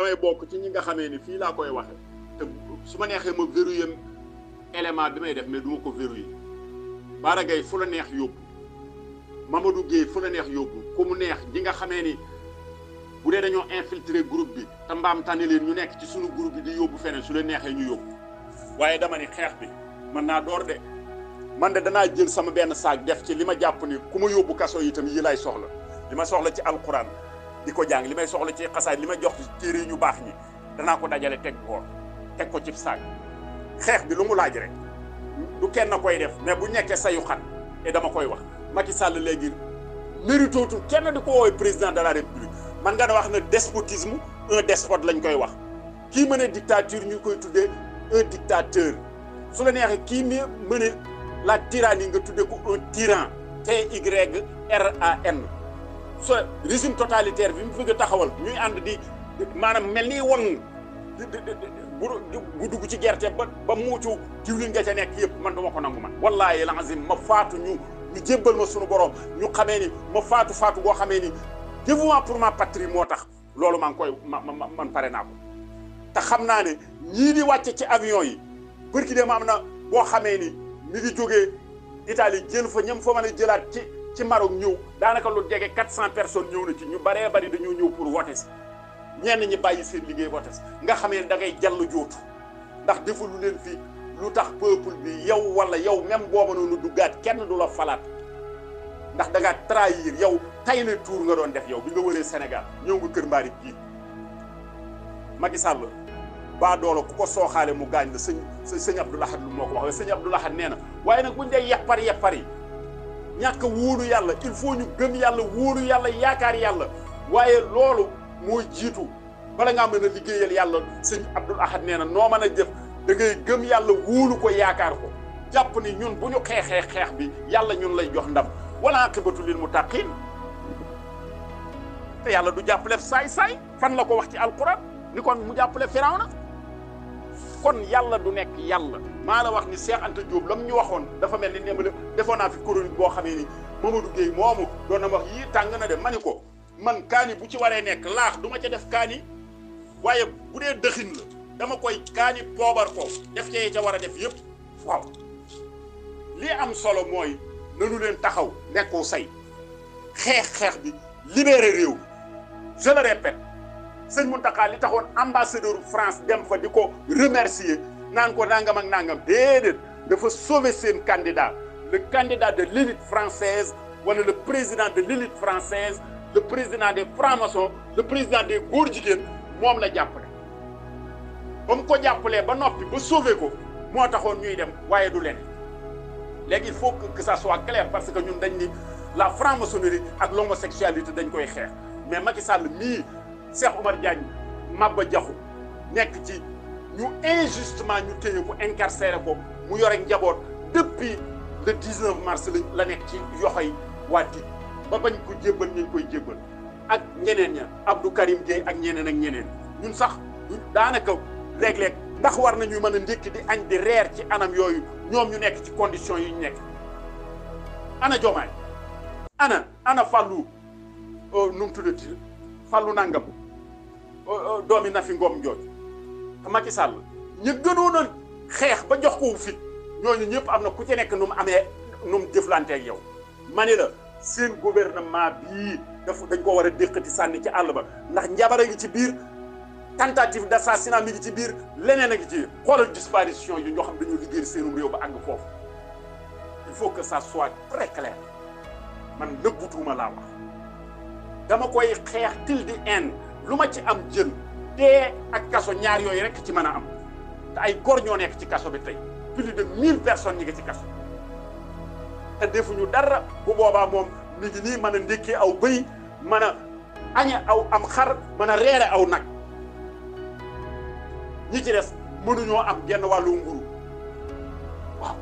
damay bokk ci ñi nga xamee ni fii laa koy waxe te su ma neexee ma verrouiller élément bi may def mais duma ma ko verrouiller Bara Gaye fu la neex yóbbu Mamadou Guèye fu la neex yóbbu ku mu neex ñi nga xamee ni bu dee dañoo infiltrer groupe bi te mbaam tànni leen ñu nekk ci suñu groupe bi di yóbbu feneen su leen neexee ñu yóbbu waaye dama ni xeex bi mën naa door de man de danaa jël sama benn saag def ci li ma jàpp ni ku ma yóbbu kaso itam yi lay soxla li ma soxla ci alxuraan di jang limay ci xassay limay jox ci ñu ko dajale ko bi lu mu rek du kenn koy def mais bu sayu xat et dama koy wax kenn président de la république man nga wax na despotisme un despote lañ koy wax dictature ñu koy un dictateur su la ki la tyrannie nga ko un tyran T Y R A N ce régime totalitaire bi mu bëgg taxawal ñuy ànd di maanaam mel ni bu dugg ci gerte ba ba muucu diwlin nga ca nekk yëpp man dama ko nangu man wallaahi ma faatu ñu ma borom ñu pour ma patrie moo tax loolu maa koy man pare naa ko te xam naa di wàcce ci avion yi de ma ni ci Maroc ñëw daanaka lu jege 400 personnes ñëw na ci ñu baree bari dañoo ñëw pour voter si ñenn ñi bàyyi seen liggéey voter si nga xamee da ngay jàll jootu ndax defu lu leen fii lu tax peuple bi yow wala yow même booba noonu duggaat kenn du la falaat ndax da ngaa trahir yow tay la tour nga doon def yow bi nga wëree Sénégal ñëw nga Kër Mbaarik gii Macky Sall baa doolo ku ko sooxaale mu gaañ la sëñ sëñ Abdou lu moo ko wax sëñ Abdou Lahad nee na waaye nag buñ dee yeppar yeppar yi ñàkk wóolu yàlla il foo ñu gëm yàlla wóolu yàlla yaakaar yàlla waaye loolu mooy jiitu bala ngaa mën a liggéeyal yàlla sëñ Abdul Ahad nee na noo mën a jëf da gëm yàlla wóolu ko yaakaar ko jàpp ni ñun bu ñu xeexee xeex bi yàlla ñun lay jox ndam wala aqibatu lil muttaqin te yàlla du jàppale saay saay fan la ko wax ci alquran ni kon mu jàppale Firawna kon yàlla du nekk yàlla maa na wax ni Cheikh Anta Diop la mu ñu waxoon dafa mel ni ne ma defoon a fi chronique boo xamee ni Mamadou Gueye moomu doon na wax yii tàng na de ma ni ko man kaani bu ci waree nekk laax du ma ca def kaani waaye bu dee dëxin la dama koy kaani poobar ko def ca ca war a def yépp waaw li am solo mooy nanu leen taxaw nekkoo say xeex xeex bi libéré réew je le sëñ Mountakha li taxone ambassadeur France dem fa diko remercier naan ko nangam ak nangam sauver ce candidat le candidat de l'élite française wala le président de l'élite française le président des francs-maçons le président des góor mom la jàppale ba ko jàppalee ba nopi ba sauver ko moi taxone ñuy dem waye du len il faut que, ça soit clair parce que ñun dañ ni la franc-maçonnerie ak l'homosexualité dañ koy xex mais Macky Sall mii Cheikh Oumar Diagne Maba Diakhou nekk ci ñu injustement ñu téye ko incarcéré ko mu yore njaboot depuis le 19 mars la nekk ci yoxoy waa DIC ba bañ ko jébbal ñu koy jébbal ak ñeneen ña Abdou Karim Gueye ak ñeneen ak ñeneen ñun sax daanaka léeg-léeg ndax war nañu mën a ndékki di añ di reer ci anam yooyu ñoom ñu nekk ci condition yi ñu nekk ana Diomaye ana ana Fallou euh, nu mu tuddati Fallou Nangam. Euh, euh, doomi na fi ngoom jooju Macky Sall ñu gënoon a xeex ba jox ko fit ñooñu ñëpp am na ku ci nekk nu mu amee nu mu jëflanteeg yow ma ne la seen gouvernement bii daf dañ koo war a déqati sànni ci àll ba ndax njabara ngi ci biir tentative d'assassinat mi ngi ci biir leneen a ngi ci xoolal disparition yi ñoo xam dañu liggéey seenum réew ba àgg foofu il faut que ça très clair man nëbbutuuma laa wax dama koy xeex til di end luma ci am jeun té ak kaso ñaar yoy rek ci mëna am té ay gor ñoo nekk ci kasso bi tay plus de 1000 personnes ñi nga ci té defu ñu dara bu boba mom mi ngi nii mën a aw bëy mëna aña aw am xar mëna réré aw nak ñi ci mënu ñoo am genn walu nguru waaw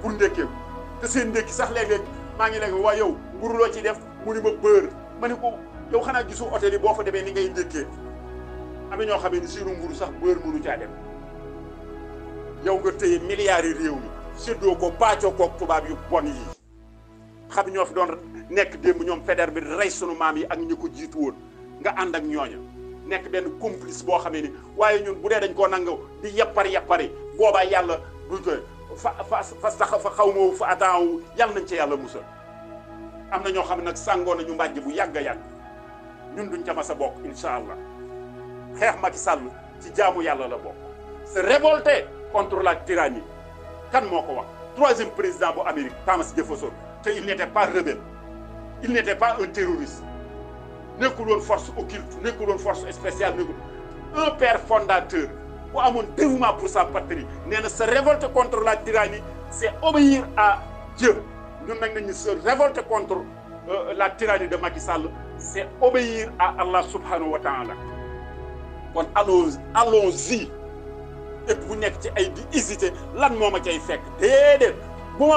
pour ndékkeeku té seen ndékki sax léeg-léeg ngi nekk wa yow nguru lo ci def mu ni ma bër ko yow xana gisu hôtel yi boo fa demee ni ngay njëkkee am ñoo xamé ni siinu nguru sax bër mënu caa dem yow nga téye milliards yi réew mi séddoo ko paccio ko tubaab yu bon yi xam ñoo fi doon nekk démb ñoom feder bi rey sunu maam yi ak ñi ko jiitu woon nga ànd ak ñooña nekk benn complice boo xamee ni waaye ñun bu dee dañ koo nangaw di yappar yappari boobaa yàlla du joy fa fa fa sax fa xaw ma fa ataaw yàlla nañ ci yàlla musal am na ñoo xam ne nag sàngoo mbàjj bu yàgg a yàgg Nous duñ ca bokk incha allah xeex ci jaamu yàlla la bokk se révolter contre la tyrannie kan moo ko troisième président bu Amérique Thomas Jefferson il n'était pas rebelle il n'était pas un terroriste pas woon force occulte nekkul woon force spéciale un père fondateur bu un dévouement pour sa patrie nee na se révolter contre la tyrannie c'est obéir à Dieu Nous nag se révolter contre euh, la tyrannie de Macky Sall c'est obéir à Allah subhanahu wa ta'ala allons y et pour ne pas ay di hésiter lan vous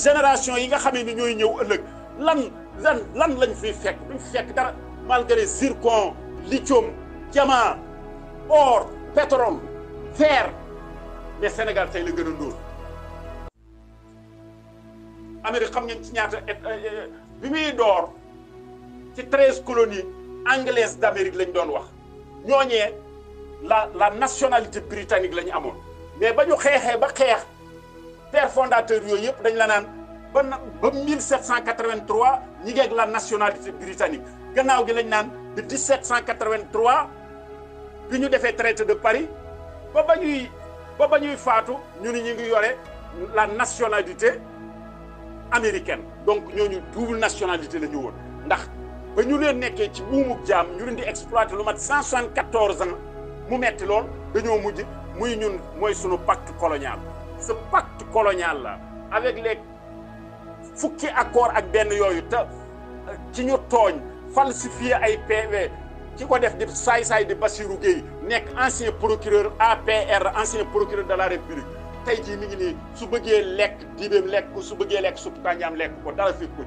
génération yi nga de ni lan lan malgré zircon lithium diamant or pétrole fer mais Sénégal le grand. Les Amérique xam ngeen euh, euh, ci 13 colonies anglaises d'Amérique lañ doon wax ñooñee la la nationalité britannique mais ba ñu xeexee ba xeex père fondateur yooyu yëpp dañ la 1783 ñi ngeeg la nationalité britannique gannaaw gi lañ naan de 1783 bi ñu traité de Paris ba ba ñuy ba ba faatu la nationalité américaine donc ñooñu double nationalité la ñu ba ñu leen nekkee ci buumub jaam ñu leen di exploité lu mat 174 ans mu metti lool dañoo mujj muy ñun mooy sunu pacte colonial ce pacte colonial la avec les fukki accord ak benn yooyu te ci ñu tooñ falsifié ay PV ki ko def di saay-saay di Bassirou Gueye nekk ancien procureur APR ancien procureur de la République tey jii mi ngi nii su bëggee lekk dibeem lekk ko su bëggee lekk supp kànjaam lekk ko dara fekk ko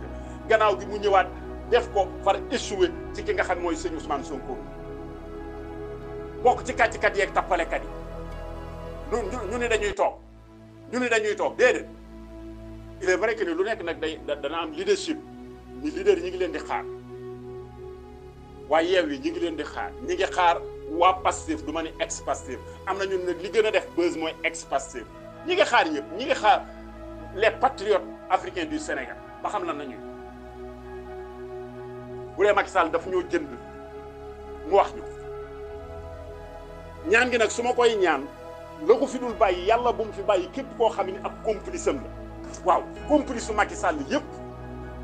gannaaw gi mu ñëwaat def ko far échoué ci ki nga xam mooy sëñ Ousmane Sonko bokk ci kàccikat yeeg tappalekat yi ñu ñu ni dañuy toog ñu ni dañuy toog déedéet il est vrai que ni lu nekk nag day dana am leadership ñi leader ngi leen di xaar waaye yeew yi ñi ngi leen di xaar ñi xaar waa Pastef du ma ni ex Pastef am na ñun nag li gën a def buzz mooy ex Pastef ñi ngi xaar ñëpp ñi ngi xaar les patriotes africains du Sénégal ba xam lan la ñuy bu dee Macky Sall daf ñoo jënd mu wax ñu ñaan gi nag su ma koy ñaan la ko fi dul bàyyi yàlla bu mu fi bàyyi képp koo xam ne ab complice la waaw complice su Macky Sall yëpp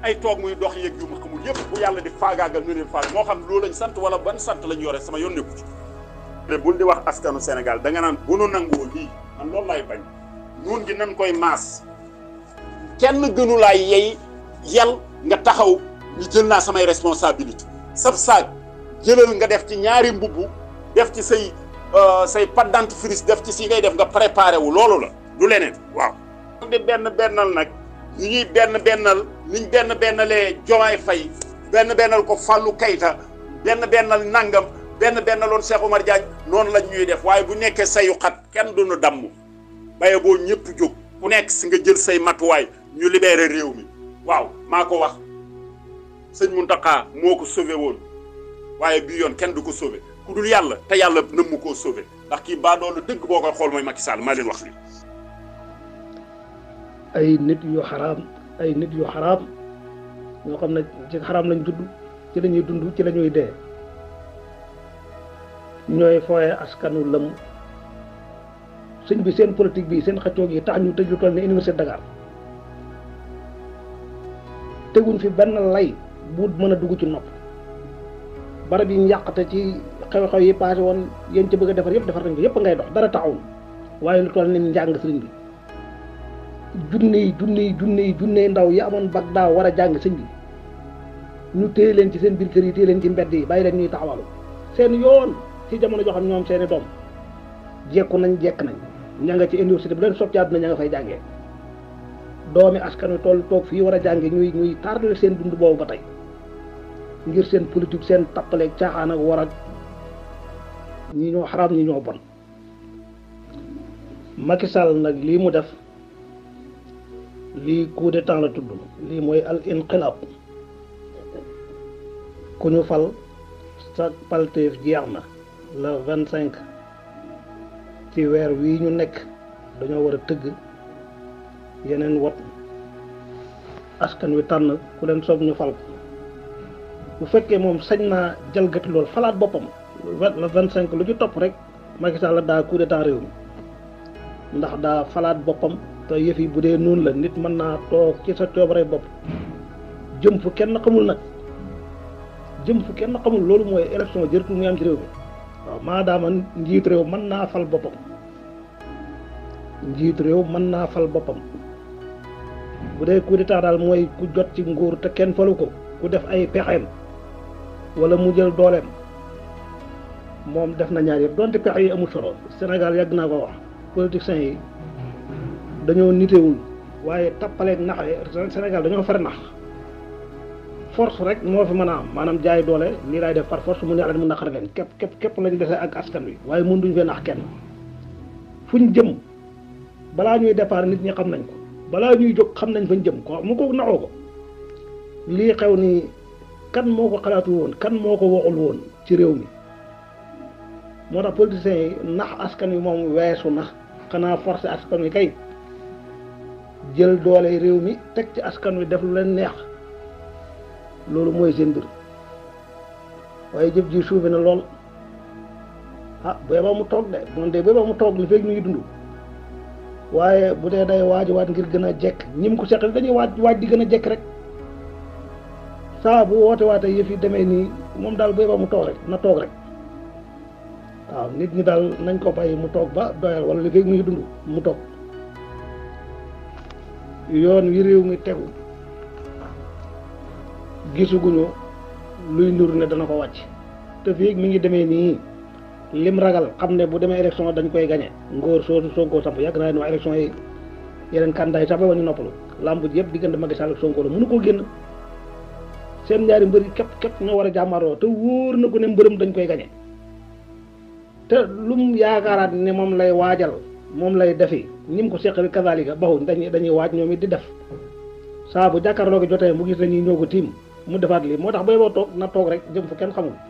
ay toog muy dox yeeg yu ma xamul yëpp bu yàlla di faagaagal ñu leen faag moo xam loolu lañ sant wala ban sant lañu yore sama yoon nekku ci mais bul di wax askanu senegal da naan bu nu nangoo lii man loolu laay bañ noon gi nan koy maas kenn gënu laay yey yal nga taxaw jël naa samay responsabilité sab saag jëlal nga def ci ñaari mbubb def ci say euh, say pâte dentifrice def ci si ngay def nga préparé wu loolu la du leneen waaw di benn bennal nag ñu benn bennal niñ benn bennalee Diomaye fay benn bennal ko Fallou Keita benn benn nangam benn bennaloon Cheikh Omar Diagne noonu lañ ñuy def waaye bu nekkee sayu xat kenn du nu damm baye boo ñëpp jóg ku nekk si nga jël say matuwaay ñu libéré réew mi waaw maa ko wax sëñ Mountakha moo ko sauvé waaye bii yoon kenn du ko sauvé ku dul yàlla te yàlla nëmm koo sauvé ndax kii baa doon dëgg boo koy xool mooy Macky Sall maa leen wax li ay nit yu xaraam ay nit yu xaraam ñoo xam ne ci xaraam lañ judd ci lañuy dund ci lañuy dee ñooy fooye askanu lëm sëñ bi seen politique bi seen xëccoog yi tax ñu tëj lu toll ne université Dakar teguñ fi benn lay bu mën a dugg ci nopp barab yi ñu yàqate ci xew-xew yi passé woon yéen ci bëgg a defar yëpp defar nañ ko yëpp ngay dox dara taxawul waaye lu toll ni njàng sëriñ bi junne yi junne yi junne yi junne ndaw yi amoon bag daaw war a jàng sëñ bi ñu téye leen ci seen biir kër yi téye leen ci mbedd yi bàyyi leen ñuy taxawalu seen yoon ci jamono joo xam ñoom seen i doom jekku nañ jekk nañ ña nga ci université bu leen sopp ci àdduna ña nga fay jàngee doomi askan toll toog fii war a jàngee ñuy ñuy tardal seen dund boobu ba tey ngir sen politique sen takale caaxaan ak war ak ñi ñoo xaraam ñi ñoo bon Macky Sall nak lii mu def lii coup d'état la tuddu lii moy al inqilab ku ñu fal sa palteef jeexna le 25 ci weer wi ñu nek dañoo wara a yenen wat askan wi tan ku len sopp ñu fal ko bu fekkee moom sañ naa jalgati loolu falaat boppam le vingt lu ci topp rek Macky Sall daa coup d'état réew mi ndax daa falaat boppam te yëf yi bu dee noonu la nit mën naa toog ci sa coobare bopp jëm fu kenn xamul nag jëm fu kenn xamul loolu mooy élection jërëtul muy am ci réew mi waaw njiit réew mën naa fal boppam njiit réew mën naa fal boppam bu dee coup d'état daal mooy ku jot ci nguur te kenn falu ko ku def ay pexeem wala mu jël dooleem moom def na ñaar yëpp donte pexe yi amul solo Sénégal yàgg naa ko wax politiciens yi dañoo nitewul waaye tappaleeg naxe Sénégal dañoo far nax force rek moo fi mën a am maanaam jaay doole nii laay def par force mu neex leen mu naqar leen kepp képp képp lañ dese ak askan wi waaye mun duñ fee nax kenn fu jëm balaa ñuy départ nit ñi xam nañ ko balaa ñuy jóg xam nañ fañ jëm ko mu ko naxoo ko lii xew nii kan moo ko xalaatu woon kan moo ko waxul woon ci réew mi moo tax politiciens yi nax askan wi moom weesu na xanaa forcé askan yi kay jël doole réew mi teg ci askan wi def lu leen neex loolu mooy seen mbir waaye jëf ji suufe na lool ah booba mu toog de moom de booba mu toog li fekk ñu ngi dund waaye bu dee day waaj waat ngir gën a jekk ñi mu ko seqal dañuy waaj waaj di gën a jekk rek saa bu woote waatee yëf yi demee nii moom daal bu yeboo mu toog rek na toog rek waaw nit ñi daal nañ ko bàyyi mu toog ba doyal wala li fekk mu ngi dund mu toog yoon wi réew mi tegu gisuguñu luy nur ne dana ko wàcc te fii mu ngi demee nii lim ragal xam ne bu demee élection dañ koy gañe ngóor soo Sonko samp yàgg naa ne waa élection yi yeneen candidat yi sax ba ñu noppalu làmb ji yëpp diggante Macky Sall ak Sonko la mënu koo génn seen ñaari mbër yi képp képp ñoo war a jàmmaroo te wóor na ko ne mbërëm dañ koy gañe te lum yaakaaraat ne moom lay waajal moom lay defi ñi mu ko seqal kazaalika baxuñ dañuy dañuy waaj ñoom it di def saa bu jàkkaarloo gi jotee mu gis dañuy ñëw ko tiim mu defaat lii moo tax ba boo toog na toog rek jëm fu kenn xamul